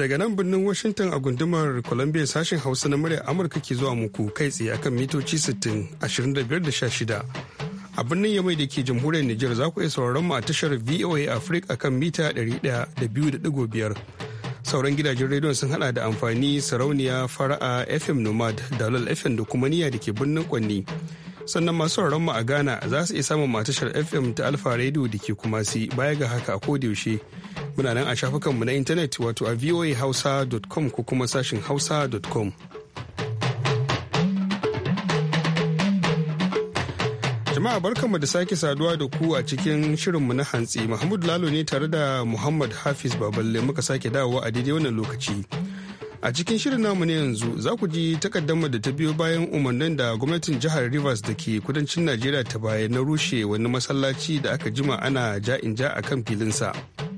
daga nan birnin Washington a gundumar Columbia sashen Hausa na murya Amurka ke zuwa muku kai tsaye akan mitoci 60 25 A birnin Yamai da ke jamhuriyar niger za ku iya sauraron mu a tashar VOA Africa akan mita 100.5. Sauran gidajen rediyon sun hada da amfani sarauniya fara'a FM Nomad, Dalal FM da kuma niyya da ke birnin Kwanni. sannan masu sauraron mu a Ghana za su iya samun matashar FM ta Alfa Radio da ke kuma baya ga haka a yaushe Muna nan a shafukanmu na intanet wato a voahausa.com ko kuma sashin hausa.com. Jama'a barkanmu da sake saduwa da ku a cikin shirinmu na hantsi. Mahmud Lalo ne tare da Muhammad Hafiz Baballe muka sake dawowa a daidai wannan lokaci. A cikin shirin namu ne yanzu za ku ji takaddama da ta biyo bayan umarnin da gwamnatin jihar Rivers da ke kudancin Najeriya ta baya na rushe wani masallaci da aka jima ana ja'in ja a kan filinsa. sa.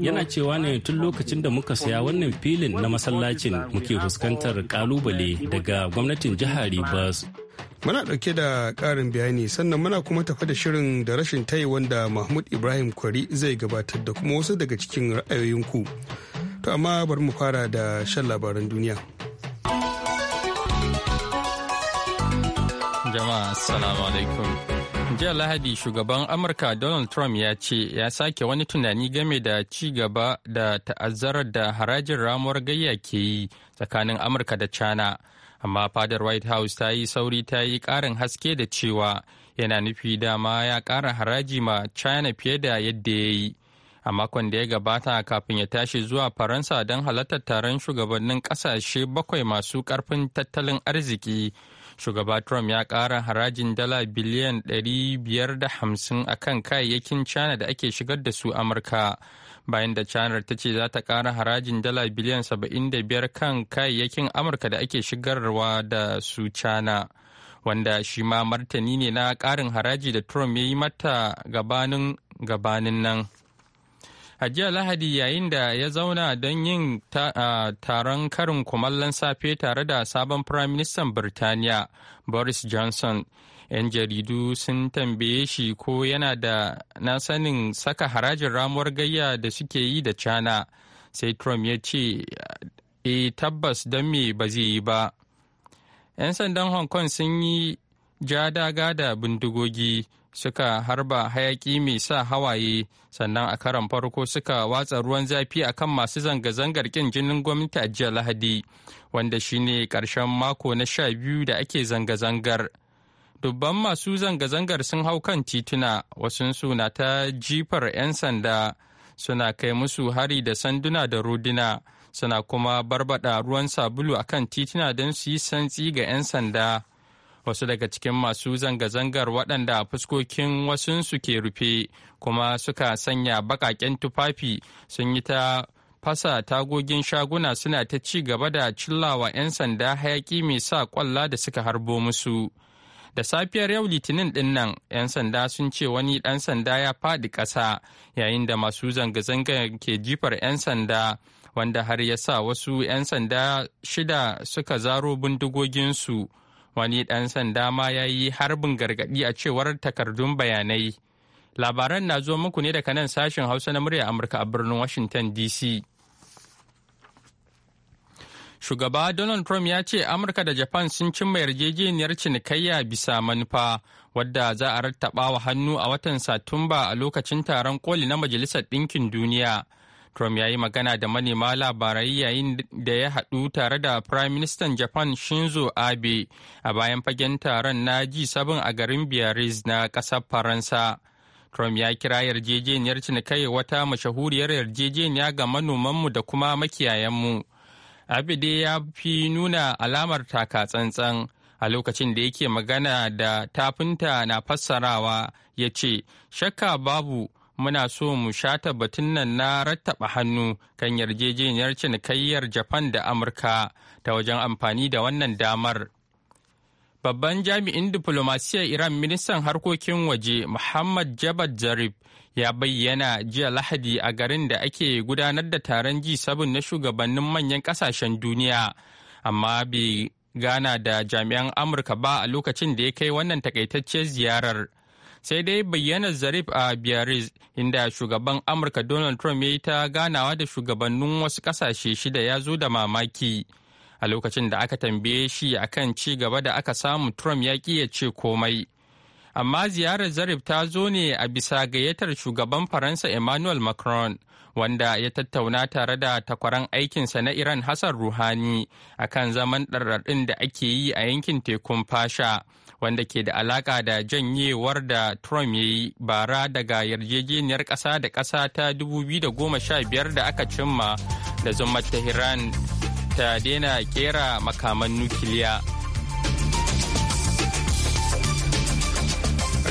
Yana cewa ne tun lokacin da muka saya wannan filin na masallacin muke fuskantar kalubale daga gwamnatin jihar Rivers. Muna ɗauke da ƙarin bayani sannan muna kuma tafa da shirin da rashin tayi wanda Mahmud Ibrahim Kwari zai gabatar da kuma wasu daga cikin ra'ayoyinku. To amma bari mu fara da shan labaran duniya. Jama'a assalamu alaikum. jiya lahadi shugaban amurka donald trump ya ce ya sake wani tunani game da ci gaba da ta'azzarar da harajin ramuwar gayya ke yi tsakanin amurka da china amma fadar white house ta yi sauri ta yi karin haske da cewa yana nufi dama ya kara haraji ma china fiye da yadda ya yi a makon da ya gabata kafin ya tashi zuwa faransa don halartar taron shugabannin kasashe bakwai masu karfin tattalin arziki shugaba trump ya kara harajin dala biliyan 550 a kan kayayyakin china da ake shigar da su amurka bayan da china ta ce za ta kara harajin dala biliyan 75 kan kayayyakin amurka da ake shigarwa da su china wanda shi ma martani ne na karin haraji da trump ya yi mata gabanin gabanin nan a jiya lahadi yayin da ya zauna don yin taron karin kumallon safe tare da sabon firaministan birtaniya boris johnson 'yan jaridu sun tambaye shi ko yana da na sanin saka harajin ramuwar gayya da suke yi da cana sai trump ya ce e tabbas don me ba zai yi ba 'yan sandan hong kong sun yi ja daga da bindigogi suka harba hayaki mai sa hawaye sannan a karan farko suka watsa ruwan zafi a kan masu zanga-zangar kin jinin gwamnati a jiya lahadi wanda shine karshen mako na sha biyu da ake zanga-zangar dubban masu zanga-zangar sun hau kan tituna wasunsu na ta jifar 'yan sanda suna kai musu hari da sanduna da roduna suna kuma barbada ruwan sabulu akan tituna don su yi santsi ga 'yan sanda wasu daga cikin masu zanga-zangar waɗanda fuskokin wasunsu ke rufe kuma suka sanya baƙaƙen tufafi sun yi ta fasa tagogin shaguna suna ta ci gaba da cillawa 'yan sanda hayaƙi mai sa ƙwalla da suka harbo musu. da safiyar yau litinin dinnan 'yan sanda sun ce wani ɗan sanda ya faɗi ƙasa yayin da masu zanga zangar ke jifar 'yan sanda wanda har ya sa wasu 'yan sanda shida suka zaro bindigoginsu wani ɗan sanda ma ya yi harbin gargaɗi a cewar takardun bayanai labaran na zo muku ne daga nan sashen hausa na murya amurka a birnin washington dc shugaba donald trump ya ce amurka da japan sun cimma yarjejeniyar cinikayya bisa manufa wadda za a rattaba wa hannu a watan satumba a lokacin taron koli na majalisar ɗinkin duniya Trump ya yi magana da manema labarai yayin da ya haɗu tare da Prime Minister Japan Shinzo Abe a bayan fagen taron na ji 7 a garin Biarritz na ƙasar Faransa. Trump ya kira yarjejeniyar cinikai wata mashahuriyar yarjejeniya ga manomanmu da kuma makiyayanmu. Abe dai ya fi nuna alamar taka tsantsan. a lokacin da yake magana da tafinta na fassarawa ya ce shakka babu muna so mu shata batun nan na rattaba hannu kan yarjejeniyar cinikayyar Japan da Amurka ta wajen amfani da wannan damar. Babban jami'in diplomasiyyar Iran ministan harkokin waje Muhammad Jabad Zarif ya bayyana jiya Lahadi a garin da ake gudanar da taron ji sabon na shugabannin manyan kasashen duniya, amma bai gana da jami'an Amurka ba a lokacin da ya kai wannan takaitacciyar ziyarar. sai dai bayyanar zarif a biarritz inda shugaban amurka donald trump ya yi ta ganawa da shugabannin wasu kasashe shida ya zo da mamaki a lokacin da aka tambaye shi akan ci gaba da aka samu trump ya ƙi ce komai amma ziyarar zarif ta zo ne a bisa gayyatar shugaban faransa emmanuel macron wanda ya tattauna tare da takwaran aikinsa na iran hassan ruhani a kan zaman ɗarɗarɗin da ake yi a yankin tekun fasha wanda ke da alaƙa da janyewar da trump ya yi bara daga yarjejeniyar ƙasa da ƙasa ta 2015 da aka cimma da zuma tehran ta daina kera makaman nukiliya.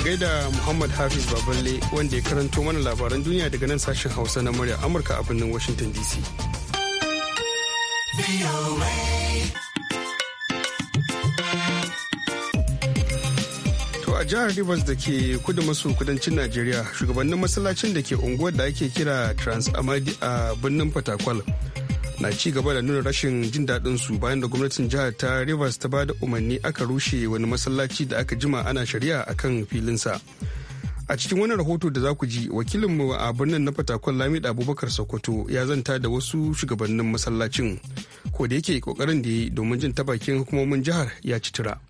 gaida Muhammad Hafiz Baballe wanda ya karanto mana labaran duniya daga nan sashen Hausa na murya Amurka a birnin Washington DC. To a jihar Rivers da ke kudu maso kudancin Najeriya shugabannin masallacin da ke unguwar da ake kira Trans a birnin Fatakwal. na ci gaba da nuna rashin jin daɗin su bayan da gwamnatin jihar ta rivers ta ba da umarni aka rushe wani masallaci da aka jima ana shari'a a akan filinsa a cikin wani rahoto da za ku ji wakilinmu a birnin na fatakon lamid abubakar sokoto ya zanta da wasu shugabannin masallacin ko da yake kokarin da yi domin jin ta hukumomin jihar ya ci tura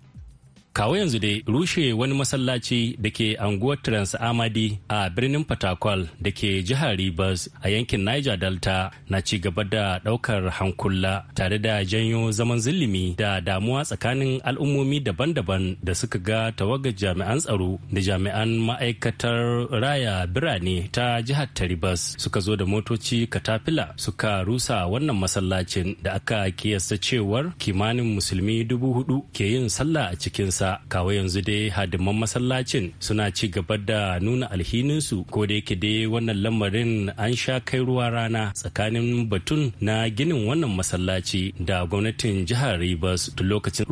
kawo yanzu dai rushe wani masallaci da ke anguwar trans amadi a birnin fatakwal da ke jihar Ribas a yankin niger delta na ci gaba da daukar hankula tare da janyo zaman zulumi da damuwa tsakanin al'ummomi daban-daban da suka ga tawagar jami'an tsaro da jami'an ma'aikatar raya birane ta jihar Taribas, suka zo da motoci katafila suka rusa wannan masallacin da aka kiyasta cewar kimanin musulmi dubu hudu ke yin sallah a cikinsa ƙasa kawai yanzu dai hadiman masallacin suna ci gaba da nuna alhininsu ko da yake dai wannan lamarin an sha kai ruwa rana tsakanin batun na ginin wannan masallaci da gwamnatin jihar Ribas tun lokacin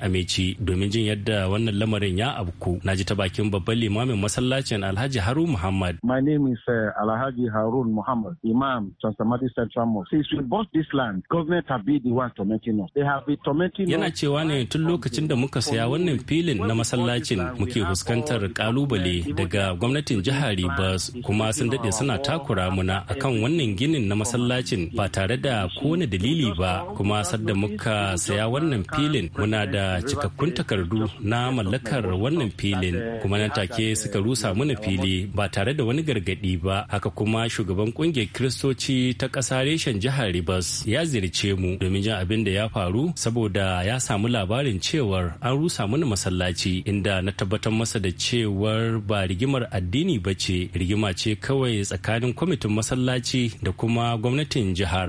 a Ameci domin jin yadda wannan lamarin ya abku na ji ta bakin babban limamin masallacin Alhaji haru Muhammad. My name is uh, Alhaji Harun Muhammad, Imam Transamadi Central Mosque. Since we bought this land, government have been the one tormenting us. They have been tormenting Yana cewa ne tun lokacin da muka saya wannan irin filin na masallacin muke fuskantar kalubale daga gwamnatin jihar Rivers kuma sun daɗe suna takura muna akan wannan ginin na masallacin ba tare da kowane dalili ba kuma sadda muka saya wannan filin muna da cikakkun takardu na mallakar wannan filin kuma nan take suka rusa mana fili ba tare da wani gargaɗi ba haka kuma shugaban kungiyar kristoci ta ƙasa reshen jihar Rivers ya ziyarce mu domin jin abin da ya faru saboda ya samu labarin cewar an rusa mana wani masallaci inda na tabbatar masa da cewar ba rigimar addini ba ce rigima ce kawai tsakanin kwamitin masallaci da kuma gwamnatin jihar.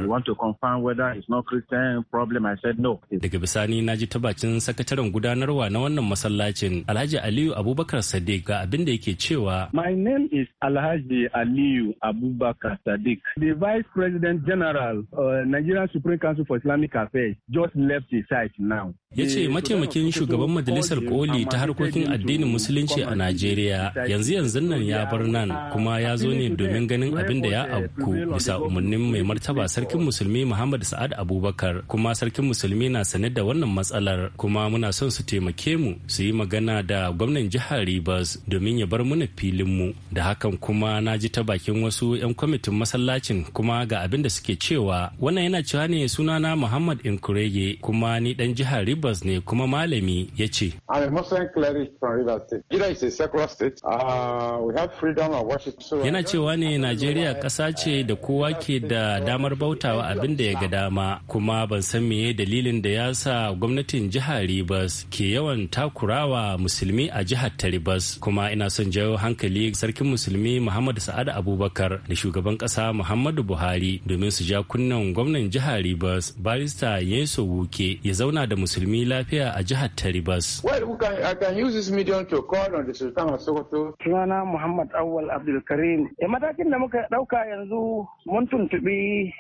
Daga bisani na ji tabacin sakataren gudanarwa na wannan masallacin Alhaji Aliyu Abubakar Sadiq ga abin da yake cewa. My name is Alhaji Aliyu Abubakar Sadiq. The Vice President General, uh, Nigerian Supreme Council for Islamic Affairs just left the site now. ya ce eh, mataimakin shugaban majalisar koli ta harkokin addinin musulunci a najeriya yanzu yanzu nan ya bar nan kuma ya zo ne domin ganin abin da ya abku bisa umarnin mai martaba sarkin musulmi muhammad sa'ad abubakar kuma sarkin musulmi na sane da wannan matsalar kuma muna son su taimake mu su yi magana da gwamnan jihar Ribas domin ya bar mana filin mu da hakan kuma na ji ta bakin wasu 'yan kwamitin masallacin kuma ga abin da suke cewa wannan yana cewa ne sunana muhammad inkurege kuma ni dan jihar Ribas. Rivers ne kuma malami ya ce. Uh, Yana cewa ne Najeriya ƙasa ce da kowa ke da damar bautawa abin da ya ga dama kuma ban san meye dalilin da ya sa gwamnatin jihar Rivers ke yawan takurawa musulmi a jihar ta Rivers kuma ina son jawo hankali sarkin musulmi Muhammadu sa'adu Abubakar da shugaban ƙasa Muhammadu Buhari domin su ja kunnen gwamnan jihar Rivers barista Yeso Wuke ya zauna da musulmi lami lafiya a jihar ta sokoto? Sunana Muhammad Awal Abdulkarim. Da eh, matakin da muka ɗauka yanzu mun tuntuɓi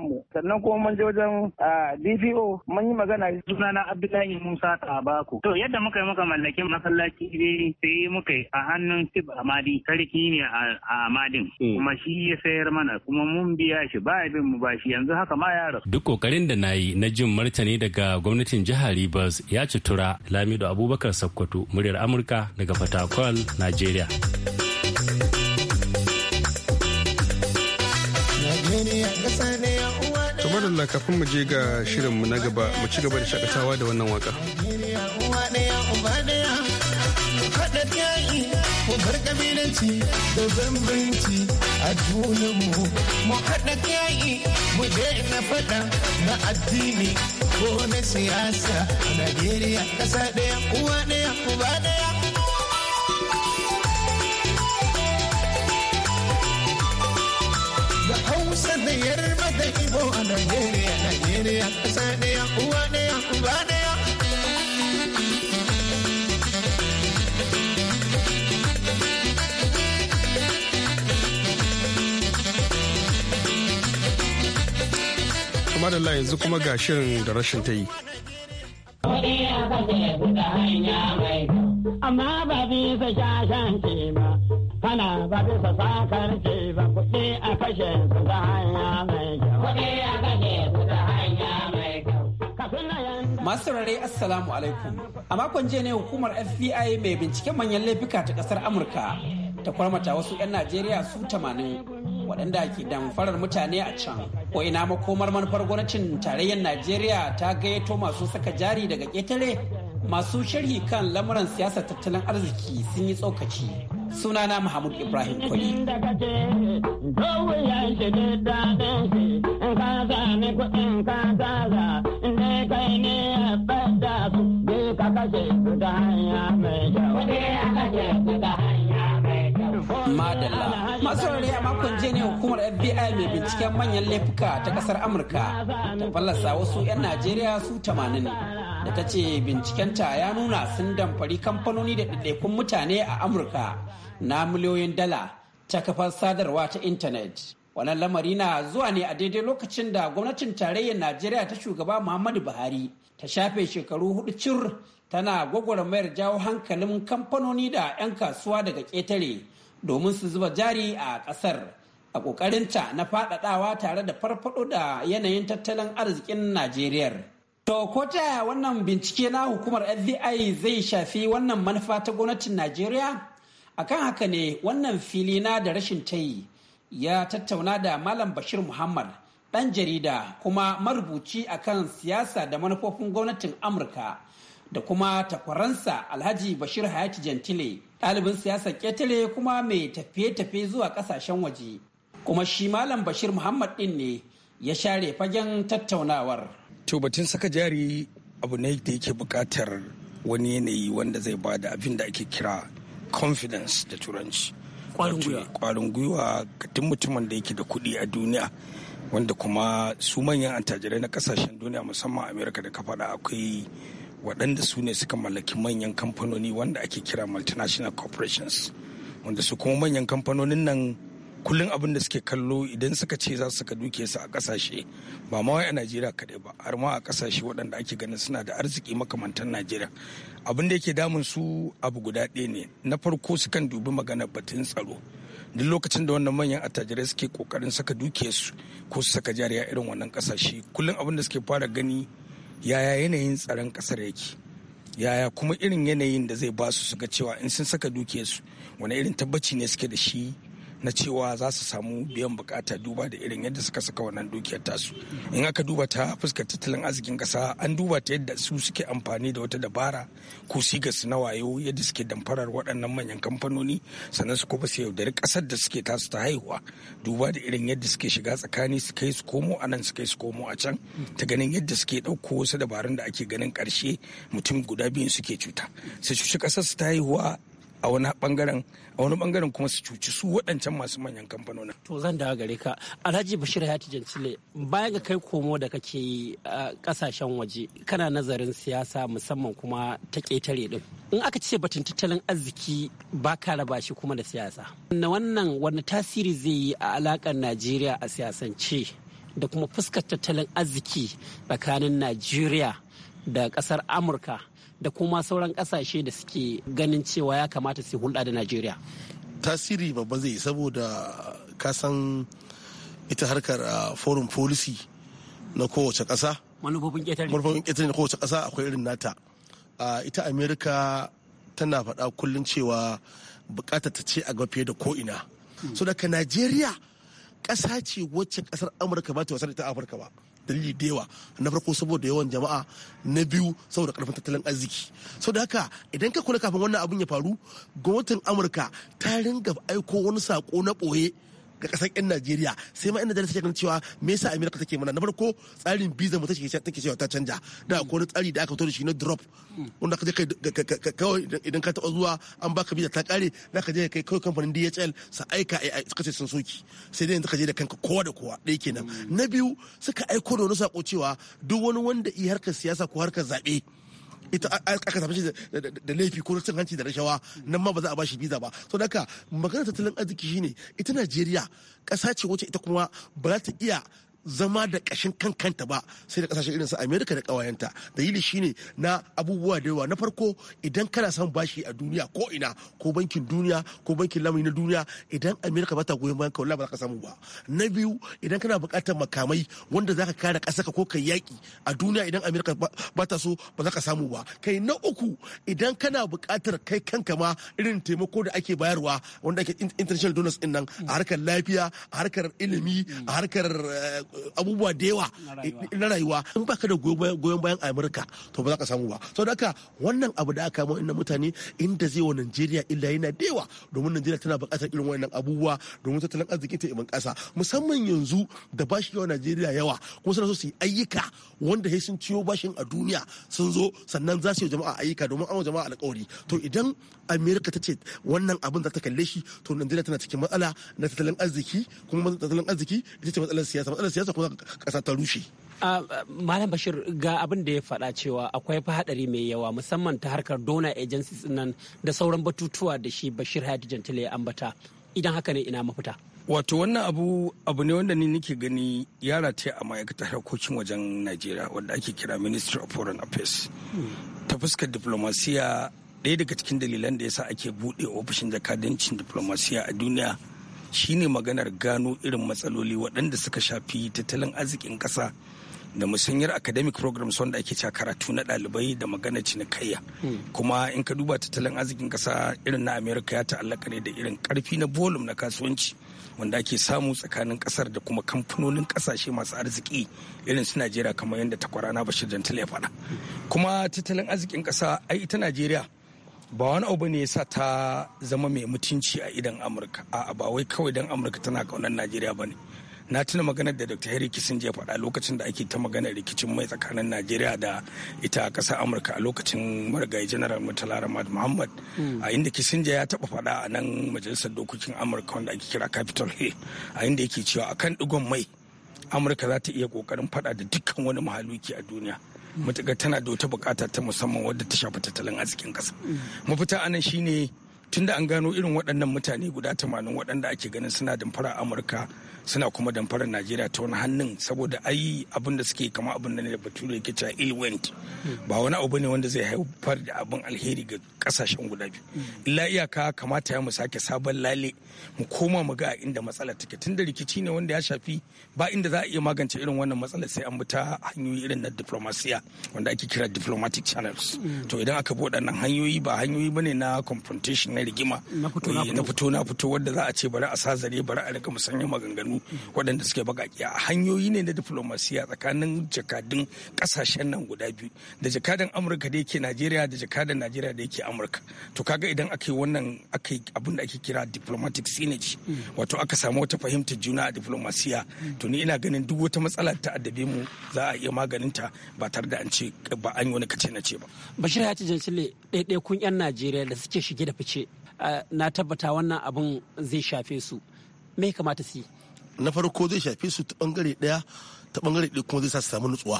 mu. sannan kuma mun je wajen DPO mun yi magana sunana Abdullahi Musa Tabako. To yadda muka yi muka mallakin masallaci ne sai muka yi a hannun sib Amadi sarki ne a Amadin hmm. kuma shi ya sayar mana kuma mun biya shi ba bin mu ba shi yanzu haka ma ya Duk kokarin da na yi na jin martani daga gwamnatin jihar Rivers ya ci tura Lamido Abubakar Sakkwato muryar Amurka daga Fatakwal, Najeriya. Tumarilla kafin mu je ga shirinmu na gaba mu ci gaba da shakatawa da wannan waka. mu bar kabilanci da bambanci a junanmu mu haɗa yayi mu daina faɗa na addini ko na siyasa a Najeriya ƙasa ɗaya uwa ɗaya uba ɗaya. Da Hausa da Yarba da Ibo a Najeriya, Najeriya ƙasa ɗaya uwa madalla yanzu kuma ga shirin da rashin ta yi. Amma ba bisa shashanci ba, kana ba bisa sakarci ba, kuɗi a kashe su ta hanya mai kyau. Kuɗi kashe su hanya mai kyau. Assalamu alaikum. A makon jiya ne hukumar FBI mai binciken manyan laifuka ta ƙasar Amurka ta kwarmata wasu 'yan Najeriya su 80 waɗanda ke damfarar mutane a can. ko ina makomar manufar gwamnatin tarayyar najeriya ta gayyato masu saka jari daga ƙetare masu sharhi kan lamuran siyasar tattalin arziki sun yi tsokaci sunana mahmud ibrahim kwali ka Madalla. Masu a makon jiya ne hukumar FBI mai binciken manyan laifuka ta kasar Amurka ta fallasa wasu 'yan Najeriya su 80 da ta ce bincikenta ya nuna sun damfari kamfanoni da ɗaiɗaikun mutane a Amurka na miliyoyin dala ta kafar sadarwa ta intanet. Wannan lamari na zuwa ne a daidai lokacin da gwamnatin tarayyar Najeriya ta shugaba Muhammadu Buhari ta shafe shekaru hudu cir tana gwagwarmayar jawo hankalin kamfanoni da 'yan kasuwa daga ƙetare domin su zuba jari a ƙasar a ƙoƙarinta na faɗaɗawa tare da farfaɗo da yanayin tattalin arzikin Najeriya. To ko ta wannan bincike na hukumar FBI zai shafi wannan manufa ta gwamnatin Najeriya? Akan haka ne wannan fili na da rashin tayi ya tattauna da Malam Bashir Muhammad ɗan jarida kuma marubuci akan siyasa da manufofin gwamnatin Amurka da kuma takwaransa Alhaji Bashir Hayati Gentile. ɗalibin siyasar ƙetare kuma mai tafiye-tafiye zuwa ƙasashen waje kuma shi malam bashir muhammad ɗin ne ya share fagen tattaunawar to batun saka jari abu ne da yake buƙatar wani yanayi wanda zai ba da abin da ake kira confidence da turanci ƙwarin gwiwa ga duk mutumin da yake da kuɗi a duniya wanda kuma su manyan attajirai na ƙasashen duniya musamman amerika da ka faɗa akwai waɗanda su ne suka mallaki manyan kamfanoni wanda ake kira multinational corporations wanda su kuma manyan kamfanonin nan kullum abin da suke kallo idan suka ce za su duke su a kasashe ba ma a najeriya kaɗai ba har ma a kasashe waɗanda ake ganin suna da arziki makamantan najeriya abin da yake damun su abu guda ɗaya ne na farko sukan dubi maganar batun tsaro duk lokacin da wannan manyan attajirai suke kokarin saka dukiyarsu ko su saka jariya irin wannan kasashe kullum abin da suke fara gani yaya yanayin tsaron kasar yake yaya kuma irin yanayin da zai ba su su ga cewa in sun saka dukiyarsu wani irin tabbaci ne suke da shi na cewa za su samu biyan bukata duba da irin yadda suka saka wannan dukiyar tasu in aka duba ta fuskar tattalin arzikin kasa an duba ta yadda su suke amfani da wata dabara ko su na wayo yadda suke damfarar waɗannan manyan kamfanoni sannan su kuma su yaudari ƙasar da suke tasu ta haihuwa duba da irin yadda suke shiga tsakani su kai su komo a nan su kai su komo a can ta ganin yadda suke ɗauko wasu dabarun da ake ganin ƙarshe mutum guda biyu suke cuta su shi ƙasar su ta haihuwa a wani bangaren a wani bangaren kuma su cuci su waɗancan masu manyan kamfanonin. To zan dawo gare ka Alhaji Bashir Hayati Jancile baya ga kai komo da kake yi a kasashen waje kana nazarin siyasa musamman kuma ta ƙetare din. In aka ce batun tattalin arziki ba ka raba shi kuma da siyasa. Na wannan wani tasiri zai yi a alaƙar Najeriya a siyasance da kuma fuskar tattalin arziki tsakanin Najeriya da ƙasar Amurka. da kuma sauran kasashe da suke ganin cewa ya kamata su hulɗa da najeriya tasiri babba zai saboda kasan ita harkar forum policy na kowace ƙasa manufofin ƙetare na kowace ƙasa akwai irin nata ita america tana faɗa kullum cewa buƙatar ta ce a ga fiye da ko'ina hmm. so daga najeriya ƙasa ce wacce ƙasar amurka ba ta da ita afirka ba dalili da yawa na farko saboda yawan jama'a na biyu saboda karfin tattalin arziki sau da haka idan ka kula kafin wannan abin ya faru gwamnatin amurka ta ringa aiko wani sako na ɓoye ga kasar yan najeriya sai ma inda najeriya take ganin cewa me yasa amerika take mana na farko tsarin biza mu take take cewa ta canja da akwai wani tsari da aka fito da shi na drop wanda ka je kai kawai idan ka taɓa zuwa an baka biza ta kare za ka je kai kawai kamfanin dhl su aika suka ce sun soki sai dai yanzu ka je da kanka kowa da kowa ɗaya kenan na biyu suka aiko da wani sako cewa duk wani wanda i harkar siyasa ko harkar zaɓe ita aka same shi da laifi ko cin hanci da rashawa nan ma ba za a bashi biza ba to haka maganar tattalin arziki shine ita Najeriya ƙasa ce wacce ita kuma ba za ta iya zama da ƙashin kankanta ba sai da ƙasashen irin su amerika da ƙawayenta dalili shine na abubuwa da yawa na farko idan kana son bashi a duniya ko ina ko bankin duniya ko bankin lamuni na duniya idan amerika ba ta goyon bayan kawai ba za ka samu ba na biyu idan kana buƙatar makamai wanda za ka kare ƙasar ka ko kai yaƙi a duniya idan amerika ba ta so ba za ka samu ba kai na uku idan kana buƙatar kai kanka ma irin taimako da ake bayarwa wanda ake international donors din nan a harkar lafiya a harkar ilimi a harkar eh, abubuwa da yawa na rayuwa in baka da goyon bayan amurka to ba za ka samu ba sau da wannan abu da aka inda mutane inda zai wa najeriya illa yana da yawa domin najeriya tana bukatar irin wannan abubuwa domin tattalin arziki ta iman kasa musamman yanzu da bashi yawa najeriya yawa kuma suna so su yi ayyuka wanda sai sun ciyo bashin a duniya sun zo sannan za su yi jama'a ayyuka domin an jama'a alƙawari to idan amerika ta ce wannan abin za ta kalle shi to najeriya tana cikin matsala na tattalin arziki kuma tattalin arziki ita ce matsalar siyasa matsalar siyasa siyasa kuma kasa ta rushe Malam Bashir ga abin da ya faɗa cewa akwai haɗari mai yawa musamman ta harkar dona agencies nan da sauran batutuwa da shi Bashir Hadi Jantile ya ambata idan haka ne ina mafita. Wato wannan abu abu ne wanda ni nake gani ya rataya a ma'aikatar harkokin wajen Najeriya wanda ake kira Ministry of Foreign Affairs. Ta fuskar diplomasiya ɗaya daga cikin dalilan da yasa ake buɗe ofishin jakadancin diplomasiya a duniya shine maganar gano irin matsaloli waɗanda suka shafi tattalin arzikin ƙasa da musanyar academic programs wanda ake cewa karatu na ɗalibai da magana cinikayya hmm. kuma in ka duba tattalin arzikin ƙasa irin na Amerika ya ta'allaka ne da irin ƙarfi na bolum na kasuwanci wanda ake samu tsakanin ƙasar da kuma kamfanonin ƙasashe masu arziki irin su najeriya kamar yadda takwarana bashir dantala ya faɗa kuma tattalin arzikin ƙasa ai ita najeriya ba wani abu ne yasa ta zama mai mutunci a idan amurka a ba wai kawai don amurka tana kaunar najeriya ba ne na tuna maganar da dr harry kissinger ya faɗa lokacin da ake ta maganar rikicin mai tsakanin najeriya da ita a ƙasar amurka a lokacin marigayi general murtala ramad muhammad hmm. a inda kissinger ya taɓa faɗa a nan majalisar dokokin amurka wanda ake kira capital hill a inda yake cewa akan digon mai amurka za ta iya ƙoƙarin faɗa da dukkan wani mahaluki a duniya matuƙar tana da wata buƙata ta musamman wadda ta shafi tattalin arzikin ƙasa mafita anan shine tunda an gano irin waɗannan mutane guda tamanin waɗanda ake ganin suna damfara amurka suna kuma damfarar najeriya ta wani hannun saboda ai abin da suke kama abin da ne da bature yake cewa ill went ba wani abu ne wanda zai haifar da abin alheri ga kasashen guda biyu illa iyaka kamata ya mu sake sabon lale mu koma mu ga inda matsala take tunda rikici ne wanda ya shafi ba inda za a iya magance irin wannan matsala sai an bi ta hanyoyi irin na diplomasiya wanda ake kira diplomatic channels to idan aka bi waɗannan hanyoyi ba hanyoyi bane na confrontation na rigima eh, na fito na fito wadda za a ce bari a sazare bari a rika musanya maganganu waɗanda suke bakaki a hanyoyi ne na diplomasiya tsakanin jakadun ƙasashen nan guda biyu da jakadan amurka da yake najeriya da jakadan najeriya da yake amurka to kaga idan aka yi wannan aka yi abin da ake kira diplomatic synergy mm. wato aka samu wata fahimtar juna a diplomasiya mm. to ni ina ganin duk wata matsala ta addabe mu za a iya maganinta ba tare da an ce ba an yi wani kace na ce ba bashir ya ci jancile ɗaiɗaikun 'yan najeriya da suke shige da fice Eh, na tabbata wannan abin zai shafe su me kamata su yi na farko zai shafe su ta bangare daya ta bangare ɗaya kuma zai sa su samu nutsuwa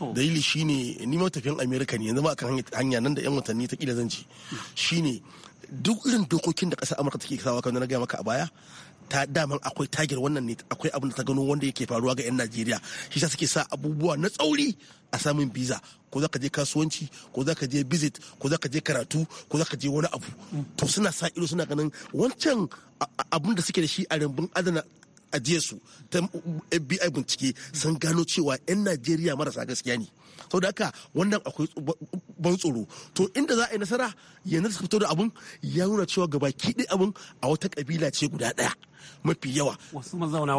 oh. dalili shine ni tafiyan america ne yanzu ma akan hanya nan da yan watanni ta kila zanci Shi shine duk irin dokokin da ƙasar amurka take kasawa kan na gaya maka a baya ta daman akwai tagir wannan ne akwai abin da ta gano wanda yake faruwa ga 'yan najeriya shi sa suke sa abubuwa na tsauri a samun biza ko za ka je kasuwanci ko za ka je visit ko za ka je karatu ko za ka je wani abu to suna sa ido suna ganin wancan abun da suke da shi a rambun adana ajiye su ta FBI bincike sun gano cewa 'yan Najeriya marasa gaskiya ne. Sau da haka wannan akwai ban tsoro to inda za a yi nasara yanzu suka fito da abun ya nuna cewa gaba kiɗi abun a wata kabila ce guda ɗaya mafi yawa wasu mazauna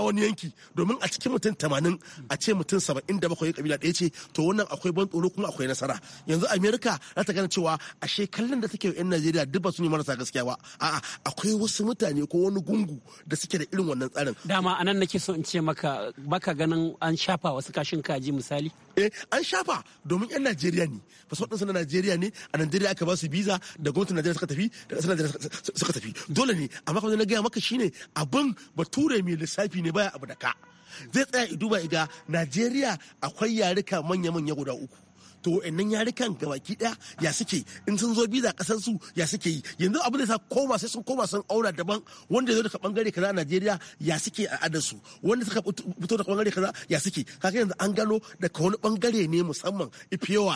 wani yanki domin a cikin mutum tamanin a ce mutum saba'in da bakwai kabila ɗaya ce to wannan akwai ban tsoro kuma akwai nasara yanzu amerika za ta gana cewa ashe kallon da take yan najeriya duk ba su ne marasa gaskiya ba a'a akwai wasu mutane ko wani gungu da suke da irin wannan tsarin dama anan nake so in ce maka baka ganin an shafa wasu kashin kaji misali eh an shafa domin yan najeriya ne fasfot ɗinsu na najeriya ne a najeriya aka ba su biza da gwamnatin najeriya suka tafi da kasar najeriya suka tafi dole ne amma kuma na gaya maka shine abin bature mai lissafi ne baya abu da ka zai tsaya duba iga najeriya akwai yarika manya-manya guda uku to nan yarukan baki daya ya suke in sun zo biza kasar su ya suke yi yanzu abin da sa koma sai sun koma sun aura daban wanda zo daga bangare kaza a Najeriya ya suke a su wanda suka fito daga bangare kaza ya suke kaga yanzu an gano daga wani bangare ne musamman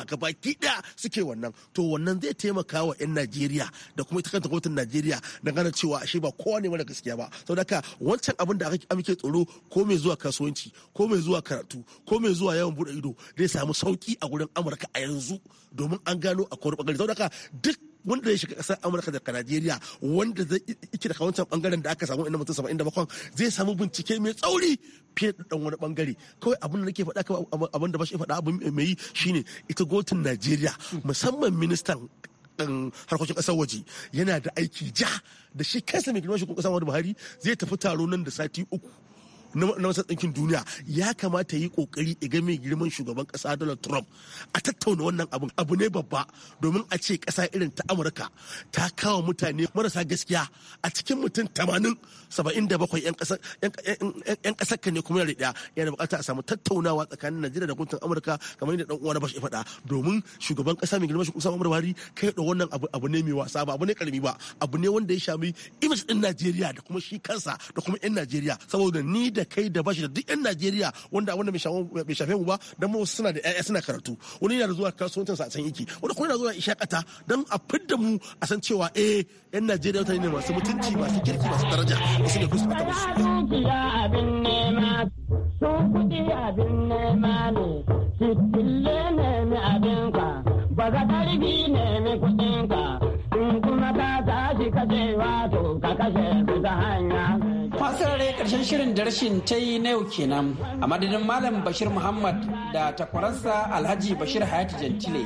ga baki daya suke wannan to wannan zai taimaka wa 'yan Najeriya da kuma ita kanta gwamnatin Najeriya gane cewa ashe ba kowa ne mara gaskiya ba saboda haka wancan abin da aka muke tsoro ko mai zuwa kasuwanci ko mai zuwa karatu ko mai zuwa yawan bude ido zai samu sauki a gurin Amurka amurka a yanzu domin an gano a kowane bangare saboda duk wanda ya shiga kasar amurka da najeriya wanda zai iki da kawancin bangaren da aka samu inda mutum saba'in da bakon zai samu bincike mai tsauri fiye da dan wani bangare kawai abin da nake faɗa kawai abin da ba shi faɗa abin mai yi shine ita gotun najeriya musamman ministan um, harkokin kasar waje yana da aiki ja da shi kansa mai girma shugaban kasar waje Buhari zai tafi taro nan da sati uku na masar ɗinkin duniya ya kamata yi kokari iga ga mai girman shugaban ƙasa Donald Trump a tattauna wannan abun abu ne babba domin a ce ƙasa irin ta Amurka ta kawo mutane marasa gaskiya a cikin mutum tamanin saba'in da bakwai 'yan ƙasar ka ne kuma yana da yana bukata a samu tattaunawa tsakanin Najeriya da gwamnatin Amurka kamar yadda ɗan uwa na bashi faɗa domin shugaban ƙasa mai girman shugaban Muhammadu Buhari kai da wannan abu ne mai wasa ba abu ne karami ba abu ne wanda ya shami image ɗin Najeriya da kuma shi kansa da kuma 'yan Najeriya saboda ni da da kai da bashi da duk 'yan Najeriya wanda wanda bai shafe mu ba dan mu suna da ƴaƴa suna karatu wani yana zuwa kasuwancin sa a san yake wani kuma yana zuwa ishakata dan a fidda mu a san cewa eh 'yan Najeriya mutane ne masu mutunci masu kirki masu daraja su ne kusa da su. kuma ka tashi ka wato ka kashe su hanya karshen shirin da rashin ta yi na yau kenan a madadin malam bashir muhammad da takwaransa alhaji bashir hayati jantile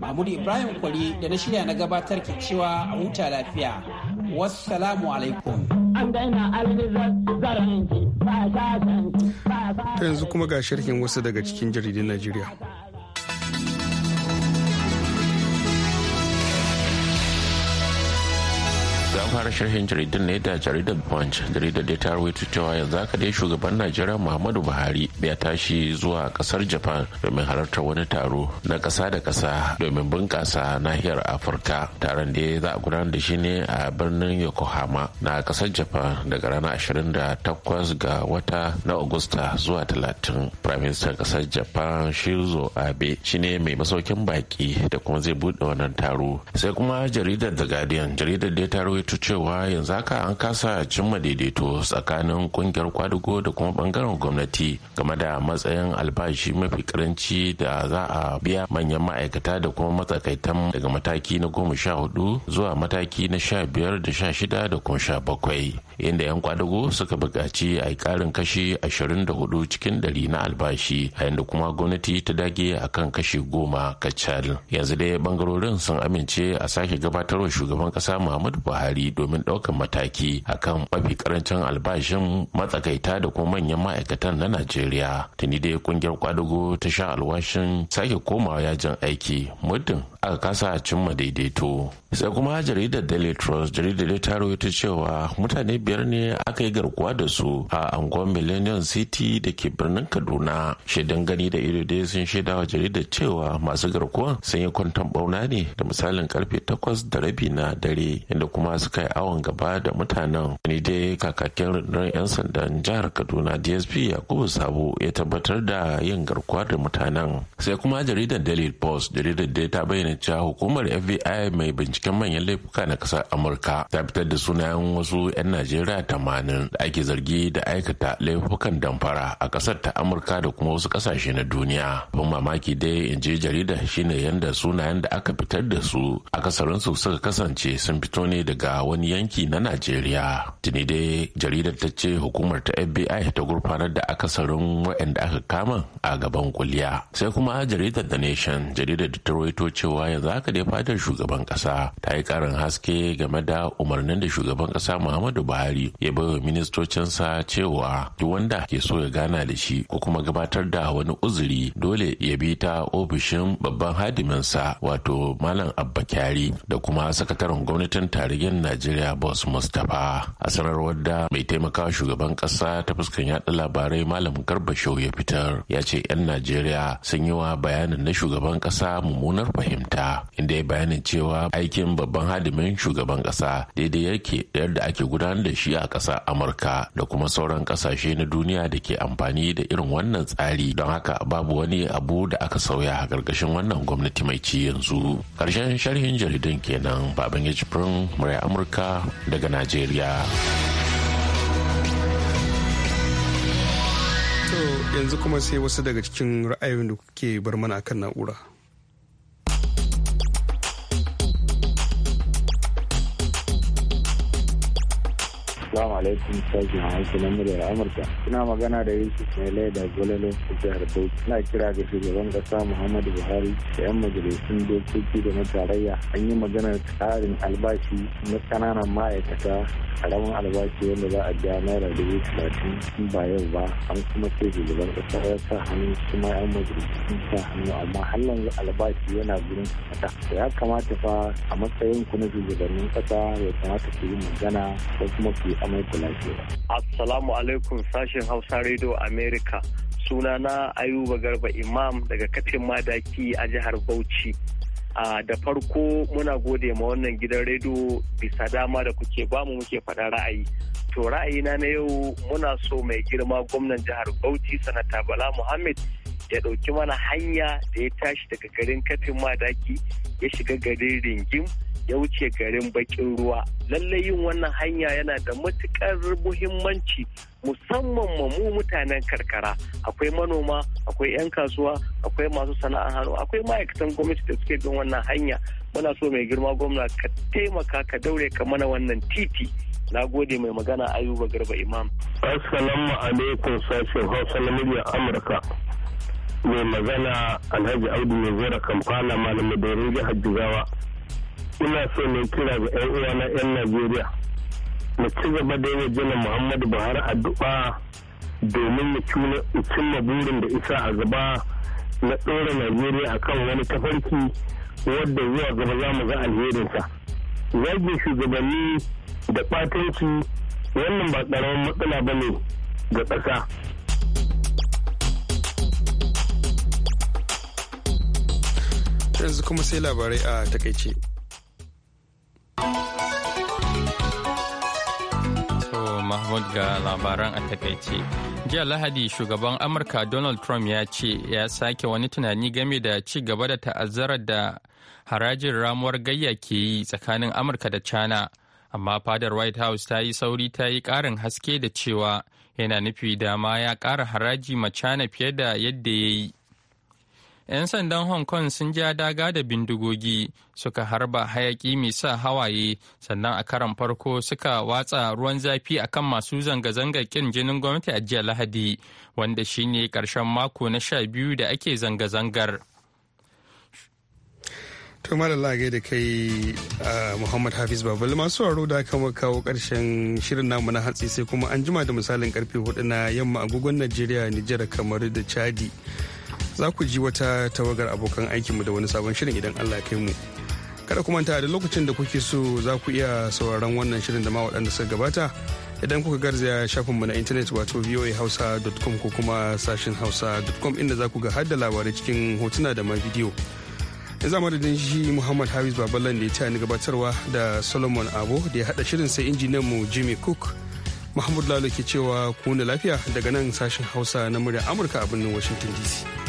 mahmud ibrahim kwari da na shirya na gabatar ke cewa a huta lafiya wassalamu alaikum ta yanzu kuma ga sharhin wasu daga cikin jaridun najeriya fara sharhin jaridar ne da jaridar punch jaridar da ta rawaito cewa yanzu haka dai shugaban najeriya muhammadu buhari ya tashi zuwa kasar japan domin halartar wani taro na kasa da kasa domin bunkasa nahiyar afirka taron da ya za a gudanar da shi ne a birnin yokohama na kasar japan daga ranar 28 ga wata na agusta zuwa talatin prime minister kasar japan Shizu abe shine mai masaukin baki da kuma zai bude wannan taro sai kuma jaridar the guardian jaridar da ta rawaito cewa yanzu haka an kasa cimma daidaito tsakanin kungiyar kwadugo da kuma bangaren gwamnati game da matsayin albashi mafi karanci da za a biya manyan ma'aikata da kuma matsakaitan daga mataki na goma sha hudu zuwa mataki na sha biyar da sha shida da kuma sha bakwai inda 'yan kwadugo suka buƙaci a yi ƙarin kashi ashirin da hudu cikin ɗari na albashi a yanda kuma gwamnati ta dage a kan kashi goma kacal yanzu dai bangarorin sun amince a sake gabatarwa shugaban ƙasa muhammadu buhari domin ɗaukan mataki akan mafi karancin albashin matsakaita da kuma manyan ma'aikatan na najeriya tuni dai kungiyar kwadugo ta sha alwashin sake komawa yajin aiki muddin aka kasa cimma daidaito sai kuma jaridar daily trust jaridar ta rawaito cewa mutane biyar ne aka yi garkuwa da su a angon millennium city da ke birnin kaduna shaidan gani da ido dai sun shaida wa jaridar cewa masu garkuwa sun yi kwanton bauna ne da misalin karfe takwas da rabi na dare inda kuma suka yi awon gaba da mutanen wani dai kakakin rundunar 'yan sandan jihar kaduna dsp yakubu sabo ya tabbatar da yin garkuwa da mutanen sai kuma jaridar daily post jaridar da ta bayyana ce cewa hukumar FBI mai binciken manyan laifuka na kasar Amurka ta fitar da sunayen wasu 'yan Najeriya tamanin da ake zargi da aikata laifukan damfara a kasar ta Amurka da kuma wasu kasashe na duniya. Ban mamaki dai in je jarida shine yadda sunayen da aka fitar da su su suka kasance sun fito ne daga wani yanki na Najeriya. Tuni dai jaridar ta ce hukumar ta FBI ta gurfanar da akasarin waɗanda aka kama a gaban kuliya. Sai kuma jaridar The Nation jaridar da ta rawaito cewa bayan yanzu haka dai fadar shugaban kasa ta yi karin haske game da umarnin da shugaban kasa muhammadu buhari ya bai wa ministocinsa cewa duk wanda ke so ya gana da shi ko kuma gabatar da wani uzuri dole ya bi ta ofishin babban hadiminsa wato malam abba kyari da kuma sakataren gwamnatin tarayyar najeriya boss mustapha a sanarwar da mai taimakawa shugaban kasa ta fuskan yada labarai malam garba shau ya fitar ya ce 'yan najeriya sun yi wa bayanin na shugaban kasa mummunar fahimta fuskanta inda ya bayanin cewa aikin babban hadimin shugaban kasa daidai yake da yadda ake gudanar da shi a ƙasar amurka da kuma sauran ƙasashe na duniya da ke amfani da irin wannan tsari don haka babu wani abu da aka sauya a ƙarƙashin wannan gwamnati mai ci yanzu ƙarshen sharhin jaridun kenan baban hijifin murya amurka daga najeriya yanzu kuma sai wasu daga cikin ra'ayoyin da kuke bar mana akan na'ura Assalamu alaikum sashen hausa na muryar Amurka. Ina magana da Yusuf Mele da Gwalalo jihar Bauchi. Ina kira ga shugaban kasa Muhammadu Buhari da 'yan majalisun dokoki da na tarayya an yi maganar tsarin albashi na kananan ma'aikata karamin albashi wanda za a biya naira dubu talatin ba yau ba an kuma ce shugaban kasa ya sa hannu su ma 'yan majalisun sa hannu amma har yanzu albashi yana gurin kasa. Ya kamata fa a matsayin ku na shugabannin kasa ya kamata ku yi magana ko kuma ku aman ku lafiya. Assalamu alaikum sashen Hausa Radio America. suna na Ayuba Garba Imam daga kafin Madaki a jihar Bauchi. Uh, da farko muna gode ma wannan gidan rediyo bisa dama da kuke bamu muke faɗa ra'ayi. To ra'ayina na yau muna so mai girma gwamnan jihar Bauchi sanata Bala Muhammad ya ɗauki mana hanya da ya tashi daga garin kafin Madaki ya shiga garin ringin. ya wuce garin bakin ruwa lallai yin wannan hanya yana da matukar muhimmanci musamman ma mu mutanen karkara akwai manoma akwai 'yan kasuwa akwai masu sana'ar hannu akwai ma'aikatan gwamnati da suke bin wannan hanya muna so mai girma gwamna ka taimaka ka daure ka mana wannan titi na gode mai magana ayuba garba imam assalamu alaikum sashen hausa na murya amurka mai magana alhaji audu mai zora kamfana malamin jihar jigawa ina so ne kira ga 'yan uwana 'yan najeriya mu ci gaba da yi jina muhammadu buhari addu'a domin mu cimma burin da isa a gaba na ɗora najeriya akan wani tafarki wadda zuwa gaba za mu ga alherinsa zage shugabanni da ɓatanci wannan ba ƙaramin matsala ba ne ga ƙasa yanzu kuma sai labarai a takaice Mahmud ga labaran a takaice. Jiya Lahadi shugaban Amurka Donald Trump ya ce ya sake wani tunani game da ci gaba da ta'azzarar da harajin ramuwar gayya ke yi tsakanin Amurka da China. Amma fadar White House ta yi sauri ta yi ƙarin haske da cewa yana nufi dama ya ƙara haraji ma China fiye da yadda ya yi. 'Yan sandan Hong Kong sun ja daga da bindigogi suka harba hayaki mai sa hawaye sannan a karan farko suka watsa ruwan zafi akan masu zanga-zangar kin jinin gwamnati a jiya Lahadi wanda shine karshen mako na sha biyu da ake zanga-zangar. to malala da kai muhammad hafiz babal masu waro da aka kawo karshen shirin namu na hatsi sai kuma an jima da misalin karfe hudu na yamma agogon najeriya nijar kamar da chadi za ku ji wata tawagar abokan aikinmu da wani sabon shirin idan Allah kai mu. Kada ku manta da lokacin da kuke so za ku iya sauraron wannan shirin da ma waɗanda suka gabata idan kuka garzaya shafinmu na intanet wato voahausa.com ko kuma sashin hausa.com inda za ku ga hadda labarai cikin hotuna da ma bidiyo. In zama da shi muhammad hafiz babalan da ya ni gabatarwa da solomon abo da ya haɗa shirin sai injiniyan mu jimmy cook mahmud lalo ke cewa ku da lafiya daga nan sashin hausa na murya amurka a birnin washington dc